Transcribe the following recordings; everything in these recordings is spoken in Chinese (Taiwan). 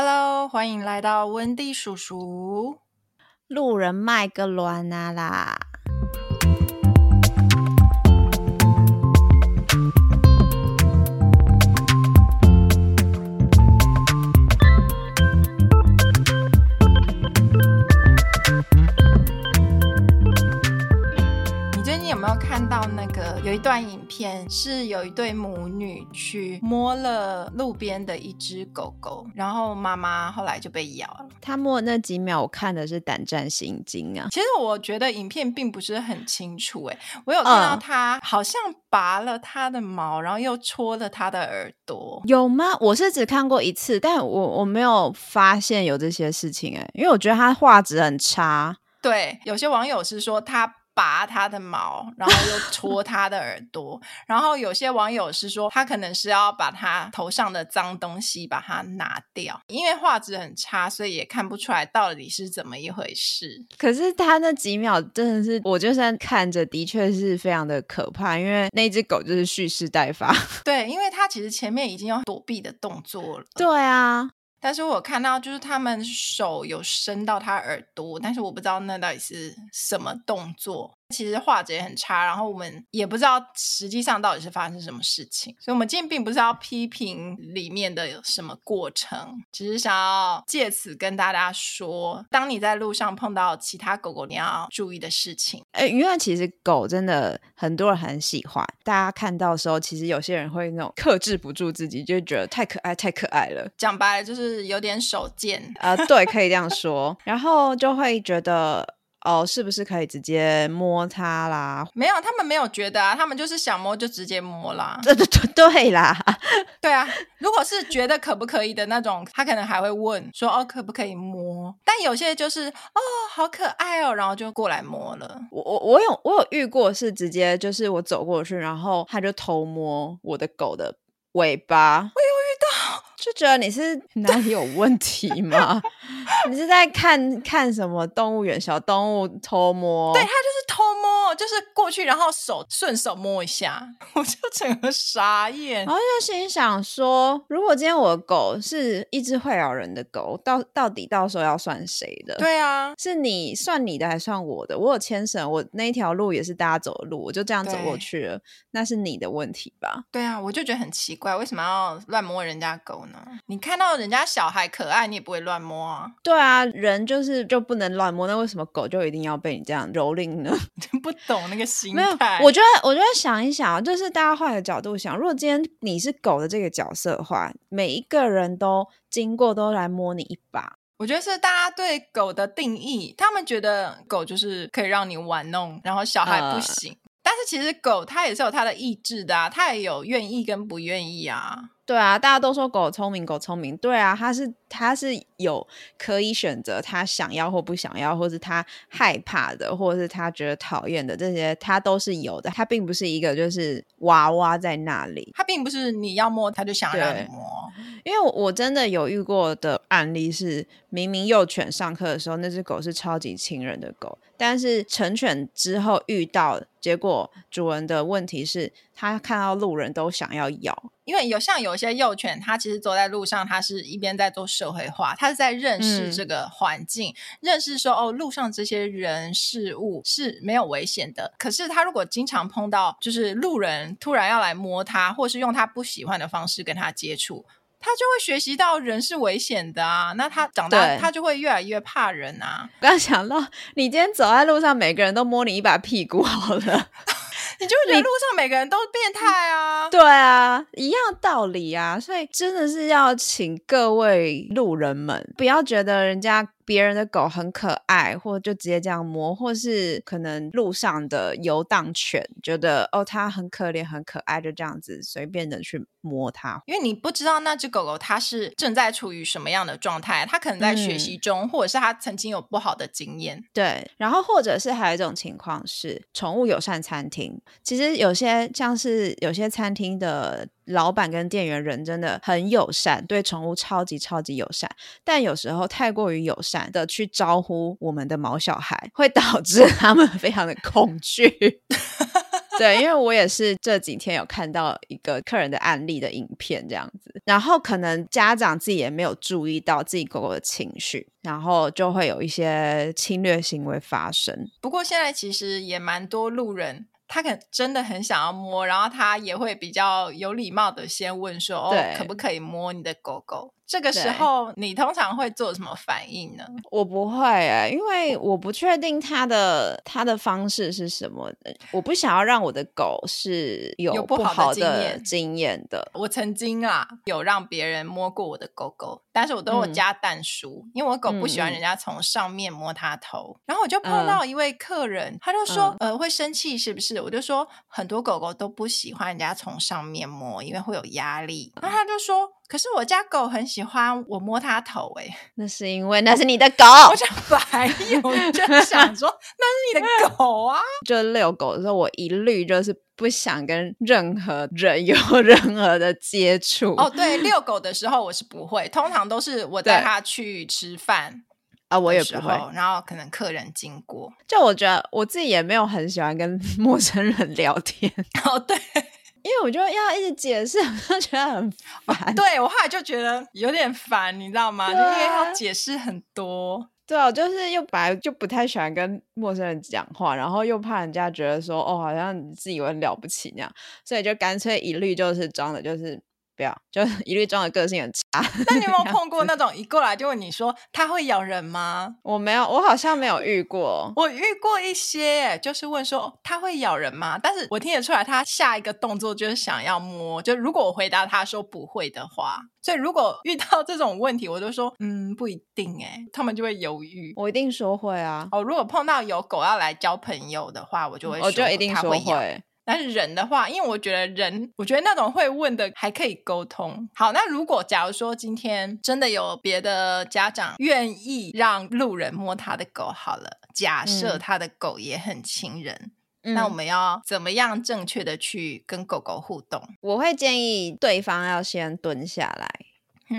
Hello，歡迎來到溫蒂叔叔。路人麥擱亂啊啦！有一段影片是有一對母女去摸了路邊的一只狗狗，然後媽媽後來就被咬了。他摸的那幾秒，我看的是膽戰心驚啊。其實我覺得影片並不是很清楚、欸，誒，我有看到他好像拔了他的毛，然後又戳了他的耳朵，有嗎？我是只看過一次，但我我沒有發現有這些事情、欸，誒，因為我覺得他畫質很差。對，有些網友是說他。拔它的毛，然後又戳它的耳朵， 然後有些網友是說，他可能是要把它頭上的髒東西把它拿掉，因為畫質很差，所以也看不出來到底是怎麼一回事。可是他那幾秒真的是，我就算看着，的確是非常的可怕，因為那只狗就是蓄勢待發。對，因為它其實前面已經有躲避的動作了。對啊。但是我看到就是他們手有伸到他耳朵，但是我不知道那到底是什麼動作。其實畫質也很差，然後我們也不知道實際上到底是發生什麼事情，所以，我們今天並不是要批評裡面的有什麼過程，只是想要借此跟大家說，當你在路上碰到其他狗狗，你要注意的事情。哎、欸，因為其實狗真的很多人很喜歡，大家看到的時候，其實有些人會那種克制不住自己，就會覺得太可愛，太可愛了。講白了，就是有點手賤。 呃，對，可以這樣說， 然後就會覺得。哦，是不是可以直接摸它啦？沒有，他們沒有覺得啊，他們就是想摸就直接摸啦。對、呃、對對，對啦， 對啊。如果是覺得可不可以的那種，他可能還會問說：“哦，可不可以摸？”但有些就是哦，好可愛哦，然後就過來摸了。我我我有我有遇過是直接就是我走過去，然後他就偷摸我的狗的尾巴。哎呦就覺得你是哪裡有問題嗎？你是在看 看什麼動物園小動物偷摸？對，他就是偷摸，就是過去然後手順手摸一下，我就整個傻眼。然後就心想說，如果今天我的狗是一隻會咬人的狗，到到底到時候要算誰的？對啊，是你算你的，還算我的？我有牽繩，我那條路也是大家走的路，我就這樣走過去了，那是你的問題吧？對啊，我就覺得很奇怪，為什麼要亂摸人家狗呢？你看到人家小孩可愛，你也不會亂摸啊？對啊，人就是就不能亂摸，那為什麼狗就一定要被你這樣蹂躪呢？ 真不懂那個心態。沒有，我覺得，我覺得想一想，就是大家換個角度想，如果今天你是狗的這個角色的話，每一個人都經過都來摸你一把，我覺得是大家對狗的定義，他們覺得狗就是可以讓你玩弄，然後小孩不行，呃、但是其實狗它也是有它的意志的啊，它也有願意跟不願意啊。對啊，大家都說狗聰明，狗聰明。對啊，它是它是有可以選擇它想要或不想要，或是它害怕的，或是它覺得討厭的這些，它都是有的。它並不是一個就是娃娃在那裡，它並不是你要摸它就想要摸。因為我我真的有遇過的案例是。明明幼犬上課的時候，那只狗是超級親人的狗，但是成犬之後遇到結果主人的問題是，它看到路人都想要咬，因為有像有些幼犬，它其實走在路上，它是一邊在做社會化，它是在認識這個環境，嗯、認識說哦，路上這些人事物是沒有危險的。可是它如果經常碰到，就是路人突然要來摸它，或是用它不喜歡的方式跟它接觸。他就會學習到人是危險的啊，那他長大他就會越來越怕人啊。我剛想到，你今天走在路上，每個人都摸你一把屁股，好了， 你就覺得路上每個人都是變態啊。對啊，一樣道理啊。所以真的是要請各位路人們，不要覺得人家。別人的狗很可愛，或就直接這樣摸，或是可能路上的遊蕩犬，覺得哦它很可憐很可愛，就這樣子隨便的去摸它，因為你不知道那只狗狗它是正在處於什麼樣的狀態，它可能在學習中，嗯、或者是它曾經有不好的經驗。對，然後或者是還有一種情況是，寵物友善餐廳，其實有些像是有些餐廳的老闆跟店員人真的很友善，對寵物超級超級友善，但有時候太過於友善的去招呼我們的毛小孩，會導致他們非常的恐懼。 對，因為我也是這幾天有看到一個客人的案例的影片，這樣子。然後可能家長自己也沒有注意到自己狗狗的情緒，然後就會有一些侵略行為發生。不過現在其實也蠻多路人，他可真的很想要摸，然後他也會比較有禮貌的先問說：“哦，可不可以摸你的狗狗？”這個時候，你通常會做什麼反應呢？我不會哎，因為我不確定他的他的方式是什麼的。我不想要讓我的狗是有不好的經驗的。有不好的經驗。我曾經啊，有讓別人摸過我的狗狗，但是我都有加但書、嗯，因為我狗不喜歡人家從上面摸它頭、嗯。然後我就碰到一位客人，嗯、他就說、嗯：“呃，會生氣是不是？”我就說：“很多狗狗都不喜歡人家從上面摸，因為會有壓力。嗯”然後他就說。可是我家狗很喜歡我摸它頭。欸，哎，那是因為那是你的狗。 我就還白有， 就想說 那是你的狗啊。就遛狗的時候，我一律就是不想跟任何人有任何的接觸。哦，對，遛狗的時候我是不會，通常都是我帶它去吃飯時候啊，我也不會。然後可能客人經過，就我覺得我自己也沒有很喜歡跟陌生人聊天。 哦，對。因為我就要一直解釋，我就覺得很煩。對，我後來就覺得有點煩，你知道嗎？啊、就因為要解釋很多。對、啊，我就是又白，就不太喜歡跟陌生人講話，然後又怕人家覺得說哦，好像你自以為很了不起那樣，所以就乾脆一律就是裝的，就是。不要，就一律裝的個性很差。那你有沒有碰過那種一過來就問你說它會咬人嗎？我沒有，我好像沒有遇過。我遇過一些，就是問說、哦、它會咬人嗎？但是我聽得出來，它下一個動作就是想要摸。就如果我回答他說不會的話，所以如果遇到這種問題，我就說嗯不一定誒、欸、他們就會猶豫。我一定說會啊。哦，如果碰到有狗要來交朋友的話，我就會說、嗯、我就一定說會。但是人的話，因為我覺得人，我覺得那種會問的還可以溝通。好，那如果假如說今天真的有別的家長願意讓路人摸他的狗好了，假設他的狗也很親人，嗯，那我們要怎麼樣正確的去跟狗狗互動？我會建議對方要先蹲下來。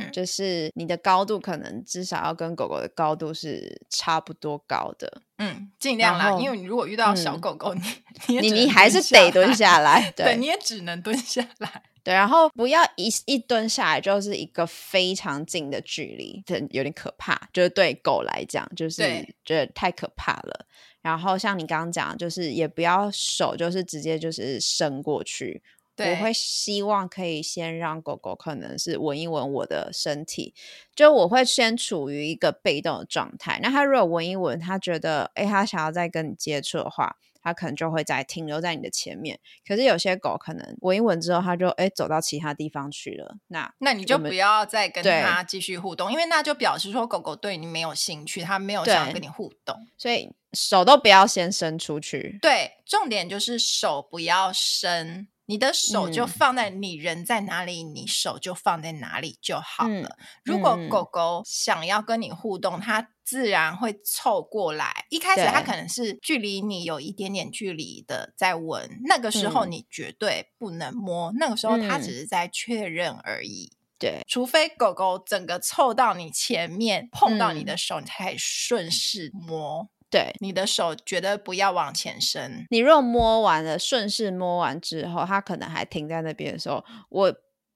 就是你的高度可能至少要跟狗狗的高度是差不多高的，嗯，盡量啦，因為你如果遇到小狗狗，嗯、你你你，你還是得蹲下來 對，對，你也只能蹲下來，對，然後不要一一蹲下來就是一個非常近的距離，這有點可怕，就是對狗來講就是覺得太可怕了。然後像你剛剛講，就是也不要手就是直接就是伸過去。我會希望可以先讓狗狗可能是聞一聞我的身體，就我會先處於一個被動的狀態。那它如果聞一聞，它覺得哎，它、欸、想要再跟你接觸的話，它可能就會再停留在你的前面。可是有些狗可能聞一聞之後，它就哎、欸、走到其他地方去了。那那你就不要再跟它繼續互動，因為那就表示說狗狗對你沒有興趣，它沒有想跟你互動，所以手都不要先伸出去。對，重點就是手不要伸。你的手就放在你人在哪裡，嗯、你手就放在哪裡就好了、嗯。如果狗狗想要跟你互動，它自然會湊過來。一開始它可能是距離你有一點點距離的在聞，嗯、那個時候你絕對不能摸，那個時候它只是在確認而已。對、嗯，除非狗狗整個湊到你前面碰到你的手，你才還順勢摸。對你的手，絕對不要往前伸。你如果摸完了，順勢摸完之後，他可能還停在那邊的時候，我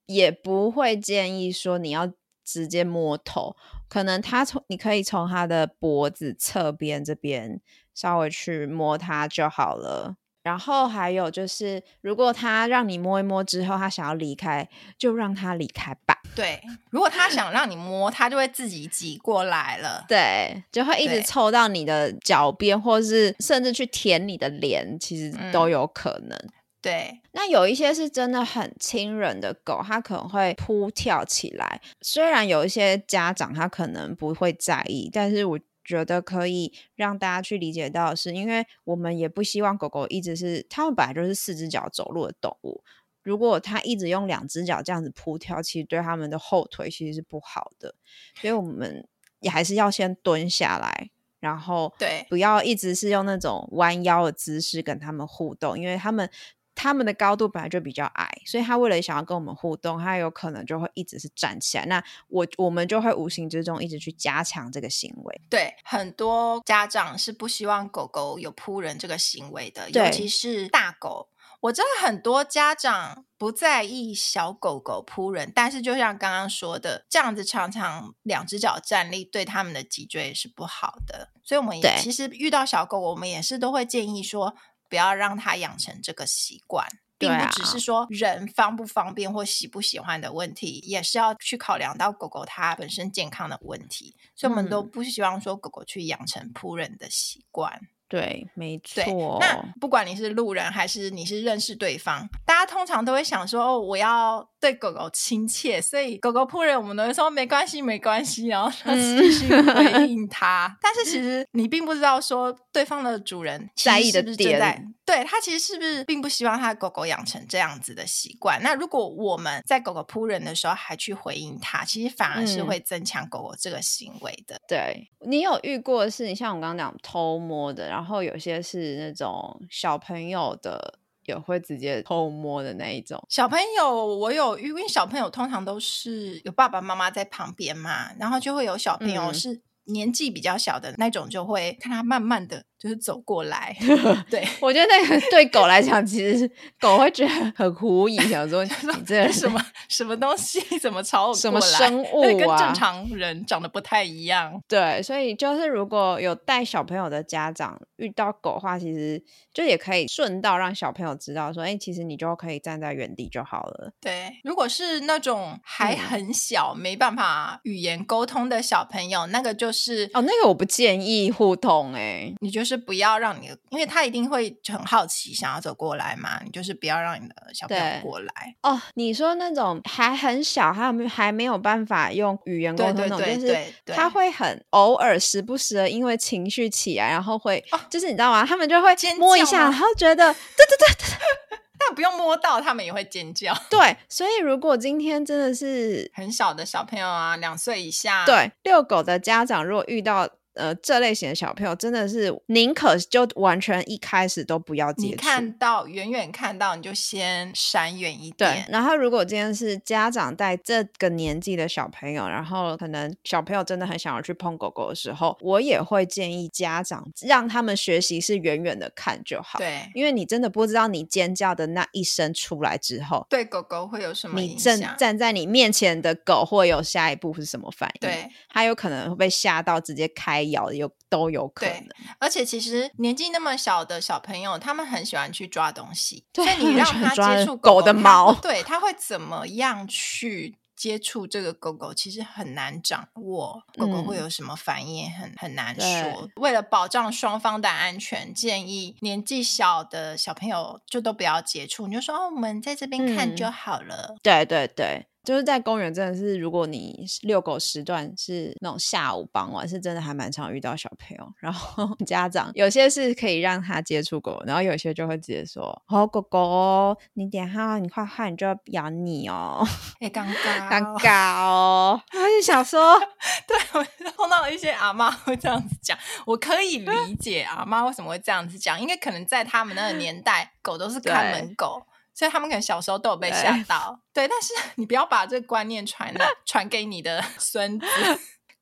也不會建議說你要直接摸頭。可能他從，你可以從他的脖子側邊這邊稍微去摸他就好了。然後還有就是，如果他讓你摸一摸之後，他想要離開，就讓他離開吧。對， 如果他想讓你摸，他就會自己擠過來了。對，就會一直湊到你的腳邊，或是甚至去舔你的臉，其實都有可能。嗯，對，那有一些是真的很親人的狗，它可能會撲跳起來。雖然有一些家長他可能不會在意，但是我覺得可以讓大家去理解到的是，因為我們也不希望狗狗一直是，他們本來就是四只腳走路的動物。如果他一直用兩隻腳這樣子撲跳，其實對他們的後腿其實是不好的，所以我們也還是要先蹲下來，然後對，不要一直是用那種彎腰的姿勢跟他們互動，因為他們他們的高度本來就比較矮，所以他為了想要跟我們互動，他有可能就會一直是站起來，那我我們就會無形之中一直去加強這個行為。對，很多家長是不希望狗狗有撲人這個行為的，尤其是大狗。我知道很多家長不在意小狗狗撲人，但是就像剛剛說的，這樣子常常兩隻腳站立，對它們的脊椎是不好的。所以我們也其實遇到小狗，我們也是都會建議說，不要讓它養成這個習慣，並不只是說人方不方便或喜不喜歡的問題，也是要去考量到狗狗它本身健康的問題。所以我們都不希望說狗狗去養成撲人的習慣。嗯對，沒錯。對。那不管你是路人還是你是認識對方，大家通常都會想說：“哦，我要對狗狗親切。”所以狗狗撲人，我們都會說沒關係，沒關係，然後繼續回應它。 但是其實你並不知道說對方的主人是是在意的點，對他其實是不是並不希望他的狗狗養成這樣子的習慣。那如果我們在狗狗撲人的時候還去回應它，其實反而是會增強狗狗這個行為的。嗯、對，你有遇過是你像我剛剛講偷摸的，然後。然後有些是那種小朋友的，也會直接偷摸的那一種。小朋友，我有，因為小朋友通常都是有爸爸媽媽在旁邊嘛，然後就會有小朋友是年紀比較小的那種，嗯、那種就會看他慢慢的。就是走過來， 對，我覺得那個對狗來講，其實是狗會覺得很狐疑， 想說你這個什麼什麼東西，怎麼朝我過來？什麼生物啊？跟正常人長得不太一樣。對，所以就是如果有帶小朋友的家長遇到狗的話，其實就也可以順道讓小朋友知道說，哎、欸，其實你就可以站在原地就好了。對，如果是那種還很小、嗯、沒辦法語言溝通的小朋友，那個就是哦，那個我不建議互動。哎，你就是。就是，不要讓你，因為他一定會很好奇，想要走過來嘛。你就是不要讓你的小朋友過來哦。你說那種還很小，還有沒還沒有辦法用語言溝通那種，就是他會很偶爾時不時的，因為情緒起來，然後會，哦，就是你知道嗎？他們就會摸一下，然後覺得對對對對，嘚嘚嘚 但不用摸到，他們也會尖叫。對，所以如果今天真的是很小的小朋友啊，兩歲以下，對，遛狗的家長如果遇到。呃，這類型的小朋友真的是寧可就完全一開始都不要接觸。你看到遠遠看到你就先閃遠一點。對。然後如果今天是家長帶這個年紀的小朋友，然後可能小朋友真的很想要去碰狗狗的時候，我也會建議家長讓他們學習是遠遠的看就好。對。因為你真的不知道你尖叫的那一聲出來之後，對狗狗會有什麼？你正站在你面前的狗會有下一步是什麼反應？對，它有可能會被嚇到，直接開。咬都有都有可能，而且其實年紀那麼小的小朋友，他們很喜歡去抓東西，所以你讓他接觸狗、狗、 狗的毛，對，他會怎麼樣去接觸這個狗狗？其實很難掌握，狗狗會有什麼反應，很、嗯、很難說。為了保障雙方的安全，建議年紀小的小朋友就都不要接觸，你就說哦，我們在這邊看就好了。嗯、對對對。就是在公園，真的是如果你遛狗時段是那種下午傍晚，是真的還蠻常遇到小朋友，然後家長，有些是可以讓他接觸狗，然後有些就會直接說：“好、oh, 狗狗，你等下，你壞壞，你就要咬你哦。欸”哎，尷尬，尷尬哦。我 想說， 對我碰到了一些阿嬤會這樣子講，我可以理解阿嬤為什麼會這樣子講，因為可能在他們那個年代，狗都是看門狗。所以他們可能小時候都有被嚇到。對，對。但是你不要把這個觀念傳的傳給你的孫子。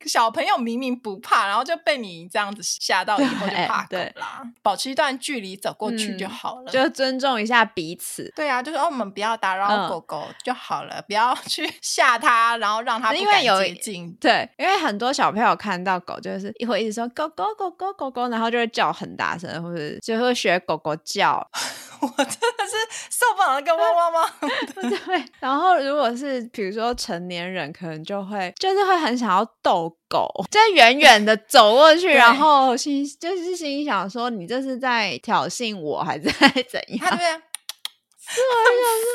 小朋友明明不怕，然後就被你這樣子嚇到，以後就怕狗啦。保持一段距離，走過去就好了。嗯，就尊重一下彼此。對啊，就是哦，我們不要打擾狗狗、嗯、就好了，不要去嚇它，然後讓它因為有對，因為很多小朋友看到狗就是一會兒一直說狗狗狗狗狗狗、狗狗，然後就會叫很大聲，或是就會學狗狗叫。 我真的是受不了那個汪汪汪！ 對，然後如果是比如說成年人，可能就會就是會很想要逗狗，就遠遠的走過去，然後心就是心想說：“你這是在挑釁我，還是在怎樣？”他這邊。是是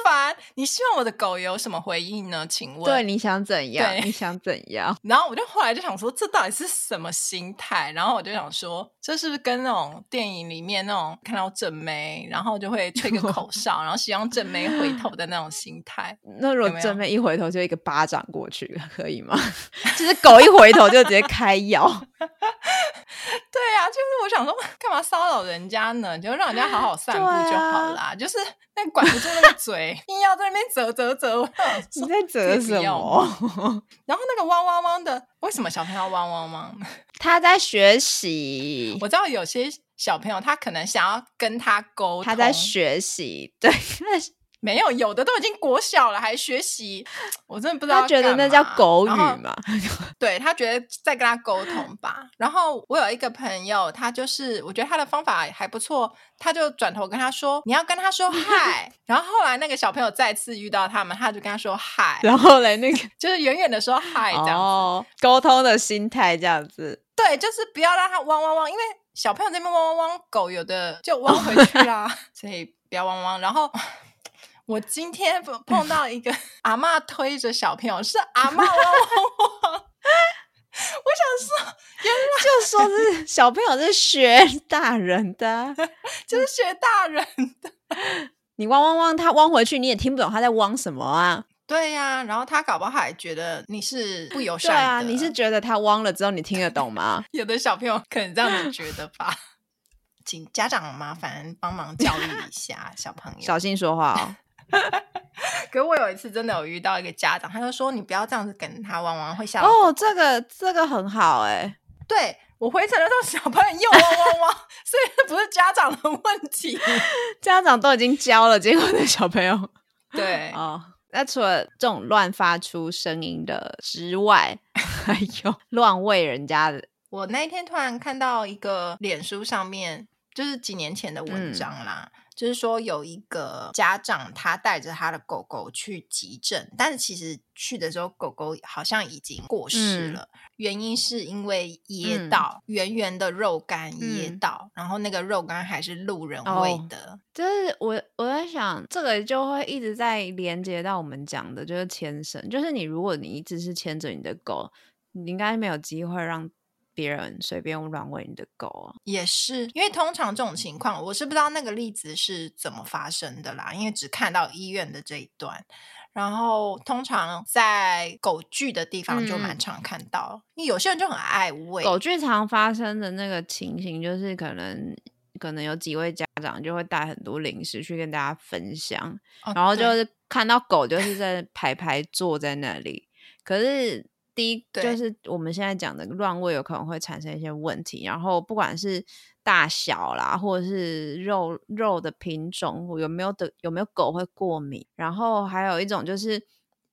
很煩，你希望我的狗有什麼回應呢？請問，對，你想怎樣？對，你想怎樣？然後我就後來就想說，這到底是什麼心態？然後我就想說，這是不是跟那種電影裡面那種看到正妹，然後就會吹個口哨， 然後希望正妹回頭的那種心態？ 那如果正妹一回頭，就一個巴掌過去可以嗎？ 就是狗一回頭就直接開咬？ 對呀、啊，就是我想說，幹嘛騷擾人家呢？就讓人家好好散步就好啦，啊、就是。 那管不住那個嘴， 硬要在那邊嘖嘖嘖。你在嘖什麼？然後那個汪汪汪的，為什麼小朋友要汪汪汪？ 他在學習。我知道有些小朋友他可能想要跟他溝通。他在學習，對，因為。沒有，有的都已經國小了，還學習，我真的不知道。他覺得那叫狗語嘛？對，他覺得在跟他溝通吧。 然後我有一個朋友，他就是我覺得他的方法還不錯，他就轉頭跟他說：“你要跟他說嗨。 ”然後後來那個小朋友再次遇到他們，他就跟他說：“嗨。 ”然後後呢來那個 就是遠遠的說嗨這樣子。哦，溝通的心態這樣子。對，就是不要讓他汪汪汪，因為小朋友在那邊汪汪汪，狗有的就汪回去啦， 所以不要汪汪，然後。我今天碰碰到一個阿嬤推着小朋友，嗯、是阿嬤汪汪汪， 我想說，就是說是小朋友是學大人的、嗯，就是學大人的。你汪汪汪，他汪回去，你也聽不懂他在汪什麼啊？對呀、啊，然後他搞不好還覺得你是不友善。對啊，你是覺得他汪了之後你聽得懂嗎？ 有的小朋友可能這樣子覺得吧， 請家長麻煩幫忙教育一下小朋友，小心說話哦。 可是我有一次真的有遇到一個家長，他就說：“你不要這樣子跟他汪汪，會嚇到哦，這個這個很好哎、欸，對我回程的時候，小朋友又 汪汪汪，所以不是家長的問題， 家長都已經教了，結果那小朋友對啊。那、哦、除了這種亂發出聲音的之外，還有亂餵人家的。我那一天突然看到一個臉書上面，就是幾年前的文章啦。嗯就是說，有一個家長他帶着他的狗狗去急診，但是其實去的時候狗狗好像已經過世了，嗯、原因是因為噎到、嗯、圓圓的肉乾噎到、嗯，然後那個肉乾還是路人餵的。哦、就是我我在想，這個就會一直在連接到我們講的，就是牽繩，就是你如果你一直是牽着你的狗，你應該沒有機會讓。別人隨便亂餵你的狗。啊，也是因為通常這種情況，我是不知道那個例子是怎麼發生的啦，因為只看到醫院的這一段。然後通常在狗聚的地方就蠻常看到，嗯，因為有些人就很愛餵狗，聚常發生的那個情形，就是可能可能有幾位家長就會帶很多零食去跟大家分享，哦、然後就是看到狗就是在排排坐在那裡， 可是，第一個，就是我們現在講的亂餵，有可能會產生一些問題。然後不管是大小啦，或者是肉肉的品種，有沒有的有沒有狗會過敏。然後還有一種就是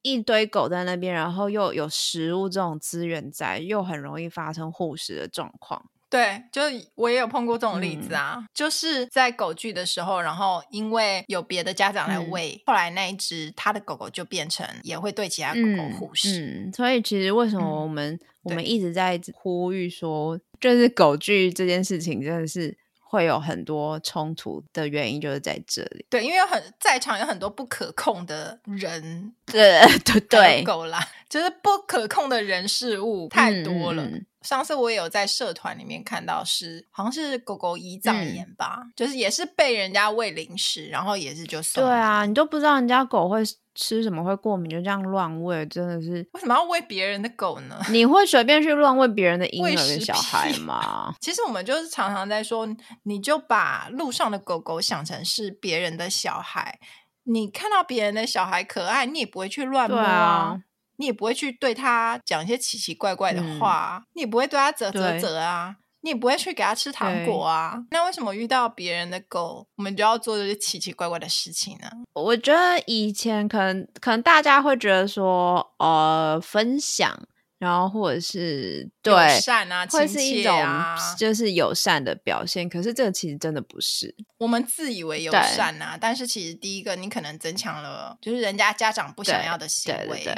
一堆狗在那邊，然後又有食物這種資源在，又很容易發生護食的狀況。對，就我也有碰過這種例子啊，嗯、就是在狗聚的時候，然後因為有別的家長來餵，嗯、後來那一隻它的狗狗就變成也會對其他狗狗護食、嗯。嗯，所以其實為什麼我們、嗯、我們一直在呼籲說，就是狗聚這件事情真的是。會有很多衝突的原因就是在這裡。對，因為有很在場有很多不可控的人，對對對，狗啦，就是不可控的人事物太多了。嗯、上次我也有在社團裡面看到是，是好像是狗狗胰臟炎吧、嗯，就是也是被人家餵零食，然後也是就。對啊，你都不知道人家狗會。吃什麼會過敏？就這樣亂餵，真的是為什麼要餵別人的狗呢？你會隨便去亂餵別人的嬰兒跟小孩嗎？其實我們就是常常在說，你就把路上的狗狗想成是別人的小孩，你看到別人的小孩可愛，你也不會去亂摸啊，啊，你也不會去對他講一些奇奇怪怪的話、啊嗯，你也不會對他折折折啊。你不會去給它吃糖果啊？那為什麼遇到別人的狗，我們就要做這些奇奇怪怪的事情呢？我覺得以前可能可能大家會覺得說，呃，分享，然後或者是對友善啊，親切啊，會是一種就是友善的表現。可是這個其實真的不是，我們自以為友善啊，但是其實第一個，你可能增強了就是人家家長不想要的行為。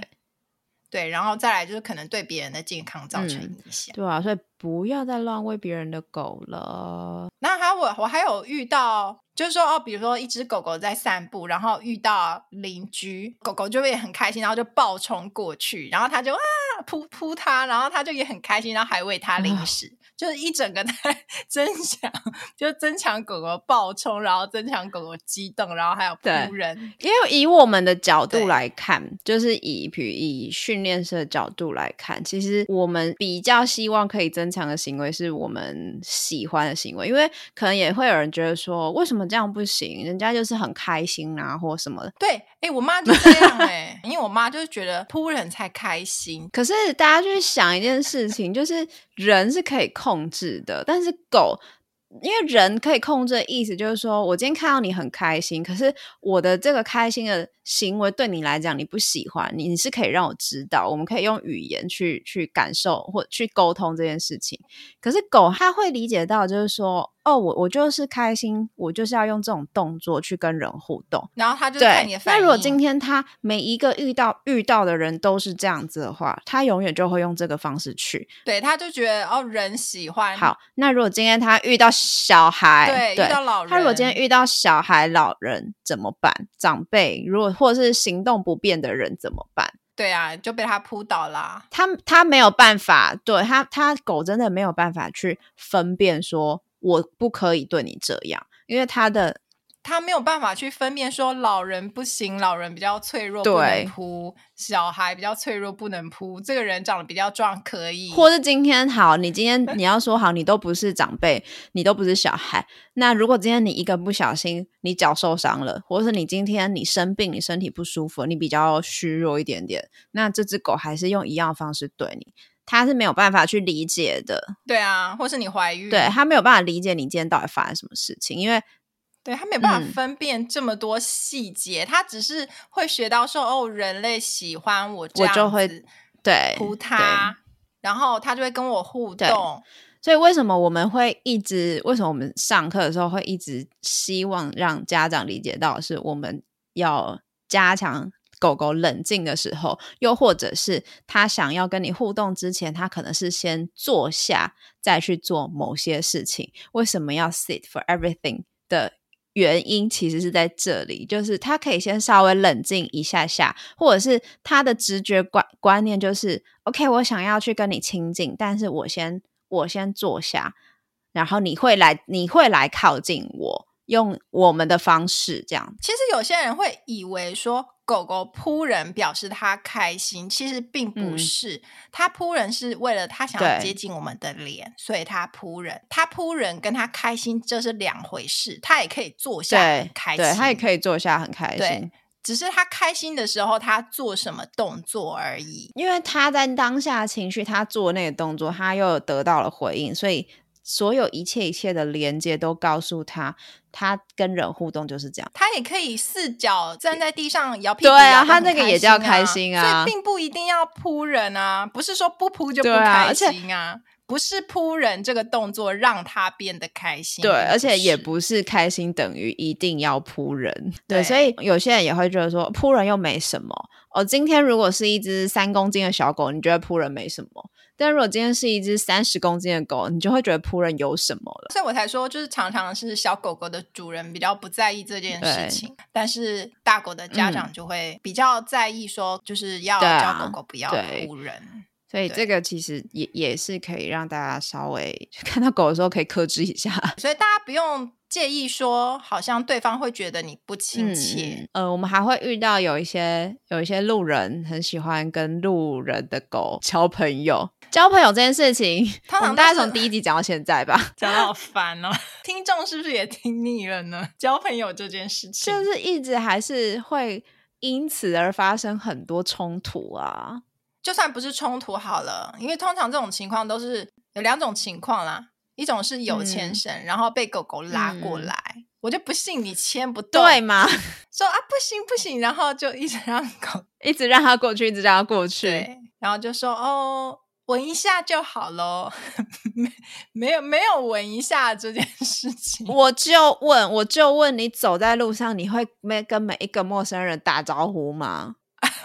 對，然後再來就是可能對別人的健康造成影響，嗯、對啊，所以不要再亂餵別人的狗了。那還有我，我還有遇到，就是說哦，比如說一只狗狗在散步，然後遇到鄰居狗狗就會很開心，然後就暴衝過去，然後它就啊。撲撲他，然後他就也很開心，然後還餵他零食，嗯、就是一整個在增強，就增強狗狗暴衝，然後增強狗狗激動，然後還有撲人。因為以我們的角度來看，就是以比如以訓練師的角度來看，其實我們比較希望可以增強的行為是我們喜歡的行為，因為可能也會有人覺得說，為什麼這樣不行？人家就是很開心啊，或什麼的。對，哎、欸，我媽就這樣哎、欸， 因為我媽就是覺得撲人才開心，可。可是大家去想一件事情，就是人是可以控制的，但是狗，因為人可以控制的意思就是說，我今天看到你很開心，可是我的這個開心的行為對你來講你不喜歡，你你是可以讓我知道，我們可以用語言去去感受或去溝通這件事情。可是狗它會理解到，就是說。哦，我我就是開心，我就是要用這種動作去跟人互動。然後他就看你的反應。對，那如果今天他每一個遇到遇到的人都是這樣子的話，他永遠就會用這個方式去。對，他就覺得哦，人喜歡。好，那如果今天他遇到小孩，對對，遇到老人。他如果今天遇到小孩、老人怎麼辦？長輩，如果或者是行動不便的人怎麼辦？對啊，就被他撲倒啦、啊。他他沒有辦法，對，他他狗真的沒有辦法去分辨說。我不可以對你這樣，因為他的他沒有辦法去分辨說老人不行，老人比較脆弱，不能撲；小孩比較脆弱，不能撲。這個人長得比較壯，可以。或是今天好，你今天你要說好，你都不是長輩， 你都不是小孩。那如果今天你一個不小心，你腳受傷了，或者是你今天你生病，你身體不舒服，你比較虛弱一點點，那這隻狗還是用一樣方式對你。他是沒有辦法去理解的，對啊，或是你懷孕，對他沒有辦法理解你今天到底發生什麼事情，因為對他沒有辦法分辨這麼多細節，嗯，他只是會學到說哦，人類喜歡我這樣子，我就會對撲他，對，然後他就會跟我互動。所以為什麼我們會一直，為什麼我們上課的時候會一直希望讓家長理解到，是我們要加強。狗狗冷靜的時候，又或者是他想要跟你互動之前，他可能是先坐下再去做某些事情。為什麼要 sit for everything 的原因，其實是在這裡，就是他可以先稍微冷靜一下下，或者是他的直覺觀觀念就是 OK，我想要去跟你親近，但是我先我先坐下，然後你會來，你會來靠近我，用我們的方式這樣。其實有些人會以為說，狗狗撲人表示它開心，其實並不是嗯、它撲人是為了它想要接近我們的臉，所以它撲人。它撲人跟它開心這是兩回事，它也，也可以坐下很開心，它也可以坐下很開心。對，只是它開心的時候它做什麼動作而已，因為他在當下的情緒，他做那個動作，他又得到了回應，所以。所有一切一切的連接都告訴他，他跟人互動就是這樣。他也可以四腳站在地上搖屁股，對啊，他那個也叫開心啊。心啊，所以並不一定要撲人啊，不是說不撲就不開心啊，啊不是撲人這個動作讓他變得開心。對，而且也不是開心等於一定要撲人對。對，所以有些人也會覺得說撲人又沒什麼。哦，今天如果是一只三公斤的小狗，你覺得撲人沒什麼？但如果今天是一隻三十公斤的狗，你就會覺得撲人有什麼了？所以我才說，就是常常是小狗狗的主人比較不在意這件事情，但是大狗的家長就會比較在意，說就是要教狗狗不要撲人。嗯所以這個其實也也是可以讓大家稍微看到狗的時候可以克制一下，所以大家不用介意說好像對方會覺得你不親切，嗯。呃，我們還會遇到有一些有一些路人很喜歡跟路人的狗交朋友。交朋友這件事情，通常 大概從第一集講到現在吧，講得好煩哦。 聽眾是不是也聽膩了呢？交朋友這件事情，就是一直還是會因此而發生很多衝突啊。就算不是衝突好了，因為通常這種情況都是有兩種情況啦，一種是有牽繩、嗯，然後被狗狗拉過來，嗯、我就不信你牽不動，對嗎？說啊，不行不行，然後就一直讓狗一直讓它過去，一直讓它過去，然後就說哦，聞一下就好咯。沒 沒有沒有聞一下這件事情，我就問，我就問你走在路上你會沒跟每一個陌生人打招呼嗎？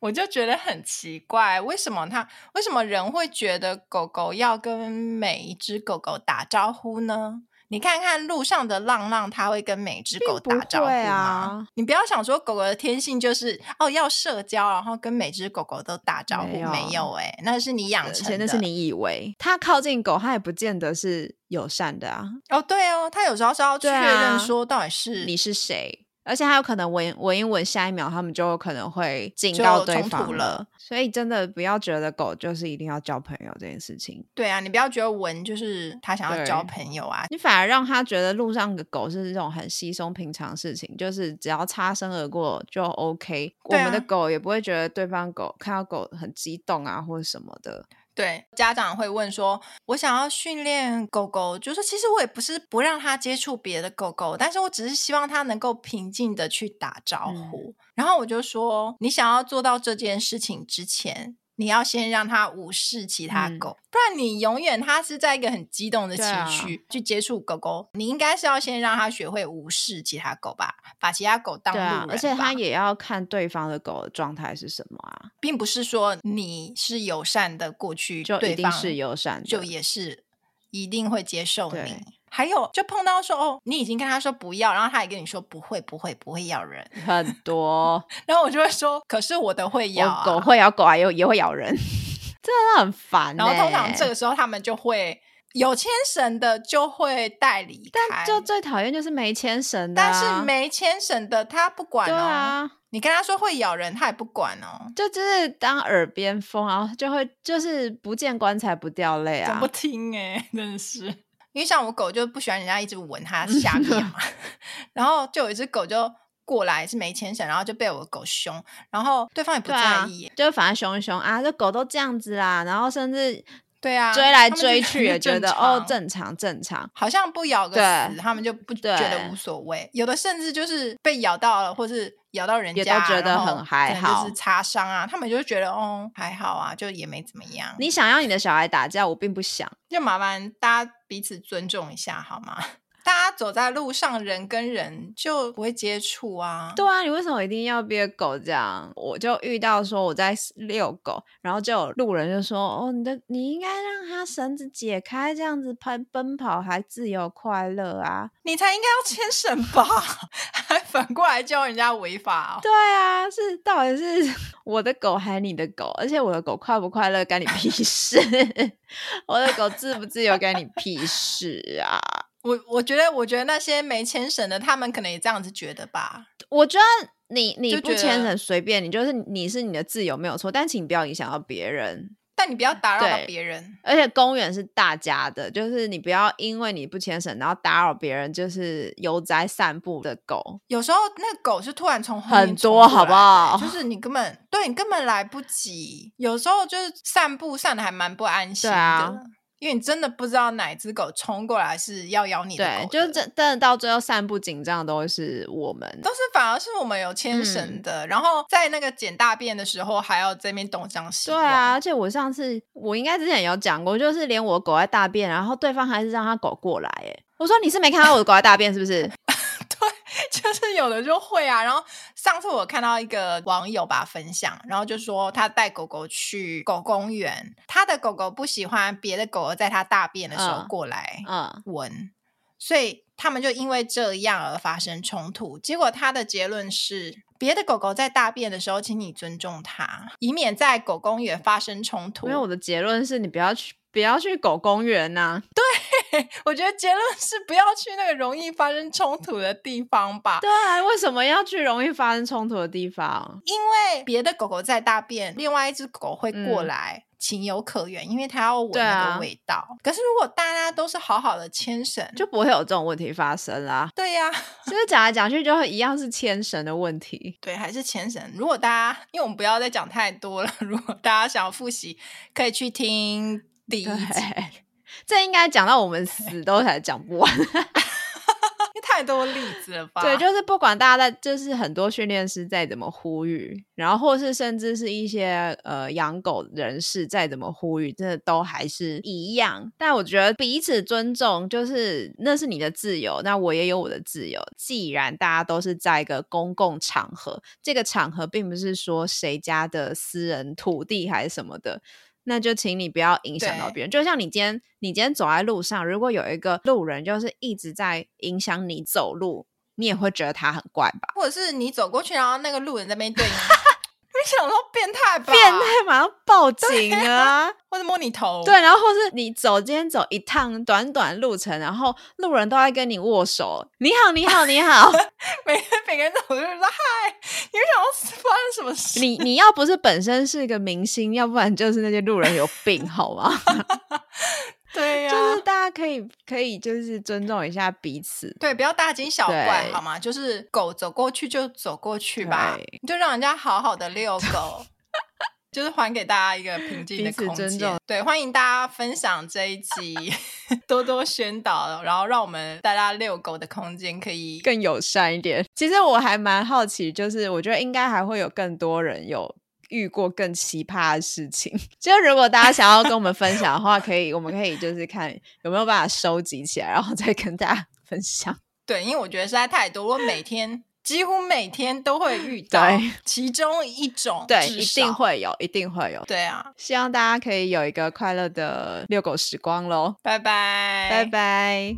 我就覺得很奇怪，為什麼他為什麼人會覺得狗狗要跟每一只狗狗打招呼呢？你看看路上的浪浪，他會跟每一只狗打招呼啊。你不要想說狗狗的天性就是哦要社交，然後跟每只狗狗都打招呼，沒有誒、欸，那是你養之前，那是你以為他靠近狗，他也不見得是友善的啊。哦，對哦，他有時候是要確認說到底是、啊、你是誰。而且還有可能聞聞一聞，下一秒他們就有可能會警告對方了，就衝突了。所以真的不要覺得狗就是一定要交朋友這件事情。對啊，你不要覺得聞就是他想要交朋友啊，你反而讓他覺得路上的狗是這種很稀鬆平常的事情，就是只要擦身而過就 OK。啊、我們的狗也不會覺得對方狗看到狗很激動啊，或者什麼的。對家長會問說：“我想要訓練狗狗，就是說其實我也不是不讓他接觸別的狗狗，但是我只是希望他能夠平靜的去打招呼。嗯”然後我就說：“你想要做到這件事情之前。”你要先讓它無視其他狗，嗯、不然你永遠它是在一個很激動的情緒去接觸狗狗。啊、你應該是要先讓它學會無視其他狗吧，把其他狗當路人吧。對啊，而且它也要看對方的狗的狀態是什麼啊，並不是說你是友善的過去，就一定是友善的，就也是一定會接受你。還有，就碰到說哦，你已經跟他說不要，然後他也跟你說不會，不會，不會咬人。很多。 然後我就會說，可是我的會咬、啊、狗會咬狗啊，也也會咬人， 真的很煩、欸。然後通常這個時候他們就會有牽繩的就會帶離開，但就最討厭就是沒牽繩的、啊。但是沒牽繩的他不管、哦，對啊，你跟他說會咬人，他也不管哦，就就是當耳邊風、啊，然後就會就是不見棺材不掉淚啊，怎麼不聽哎、欸，真的是。因為像我狗就不喜歡人家一直聞它、下面嘛，然後就有一隻狗就過來，是沒牽繩，然後就被我狗凶，然後對方也不在意、啊，就反而凶一凶啊，這狗都這樣子啦，然後甚至。對啊，追來追去也覺得，覺得哦，正常正常，好像不咬個死，他們就不覺得無所謂。有的甚至就是被咬到了，或是咬到人家，也都覺得很還好，就是擦傷啊，他們就覺得哦，還好啊，就也沒怎麼樣。你想要你的小孩打架，我並不想，就麻煩大家彼此尊重一下好嗎？大家走在路上，人跟人就不會接觸啊。對啊，你為什麼一定要憋狗這樣？我就遇到說我在遛狗，然後就有路人就說：“哦，你的你應該讓它繩子解開，這樣子奔跑還自由快樂啊！”你才應該要牽繩吧？還 反過來教人家違法哦。對啊，是到底是我的狗還是你的狗？而且我的狗快不快樂，關你屁事； 我的狗自不自由，關你屁事啊！我我覺得，我覺得那些沒牽繩的，他們可能也這樣子覺得吧。我覺得你你不牽繩隨便，你就是你是你的自由沒有錯，但請不要影響到別人。但你不要打擾到別人，而且公園是大家的，就是你不要因為你不牽繩，然後打擾別人，就是悠哉散步的狗。有時候那個狗是突然從後面很多，好不好？就是你根本對你根本來不及。有時候就是散步散的還蠻不安心因為你真的不知道哪隻狗衝過來是要咬你的的。對，就真的，到最後散步緊張的都是我們，都是反而是我們有牽繩的。嗯，然後在那個撿大便的時候還要這邊東張西望。對啊，而且我上次我應該之前也有講過，就是連我的狗在大便，然後對方還是讓他狗過來，哎，我說你是沒看到我的狗在大便是不是？ 對，就是有的就會啊。然後上次我看到一個網友把他分享，然後就說他帶狗狗去狗公園。他狗狗不喜歡別的狗狗在它大便的時候過來、嗯嗯、聞，所以他們就因為這樣而發生衝突。結果他的結論是：別的狗狗在大便的時候，請你尊重它，以免在狗公園發生衝突。因為我的結論是你不要去，不要去狗公園吶、啊。對，我覺得結論是不要去那個容易發生衝突的地方吧。對，為什麼要去容易發生衝突的地方？因為別的狗狗在大便，另外一隻狗會過來。嗯情有可原，因為他要聞那個味道、啊。可是如果大家都是好好的牽繩，就不會有這種問題發生啦。對呀、啊，所、就是講來講去，就一樣是牽繩的問題。對，還是牽繩。如果大家，因為我們不要再講太多了。如果大家想要複習，可以去聽第一集。這應該講到我們死都還講不完。 太多例子了吧？對，就是不管大家在，就是很多訓練師再怎麼呼籲，然後或是甚至是一些呃養狗人士再怎麼呼籲，真的都還是一樣。但我覺得彼此尊重，就是那是你的自由，那我也有我的自由。既然大家都是在一個公共場合，這個場合並不是說誰家的私人土地還是什麼的。那就請你不要影響到別人。就像你今天，你今天走在路上，如果有一個路人就是一直在影響你走路，你也會覺得他很怪吧？或者是你走過去，然後那個路人在那邊對你。 你沒想到變態吧？變態嘛要報警啊！或者、啊、摸你頭？對，然後或是你走，今天走一趟短短路程，然後路人都在跟你握手，你好，你好，你好， 每天每個人走就是說嗨。你沒想到發生什麼事？你你要不是本身是一個明星，要不然就是那些路人有病，好嗎？ 對呀、啊，就是大家可以可以就是尊重一下彼此，對，不要大驚小怪，好嗎？就是狗走過去就走過去吧，對，你就讓人家好好的遛狗， 就是還給大家一個平靜的空間。尊重。對，歡迎大家分享這一集，多多宣導， 然後讓我們帶大家遛狗的空間可以更友善一點。其實我還蠻好奇，就是我覺得應該還會有更多人有。遇過更奇葩的事情，就如果大家想要跟我們分享的話， 可以，我們可以就是看有沒有辦法收集起來，然後再跟大家分享。對，因為我覺得實在太多，我每天幾乎每天都會遇到其中一種，對，對，一定會有，一定會有。對啊，希望大家可以有一個快樂的遛狗時光嘍，拜拜，拜拜。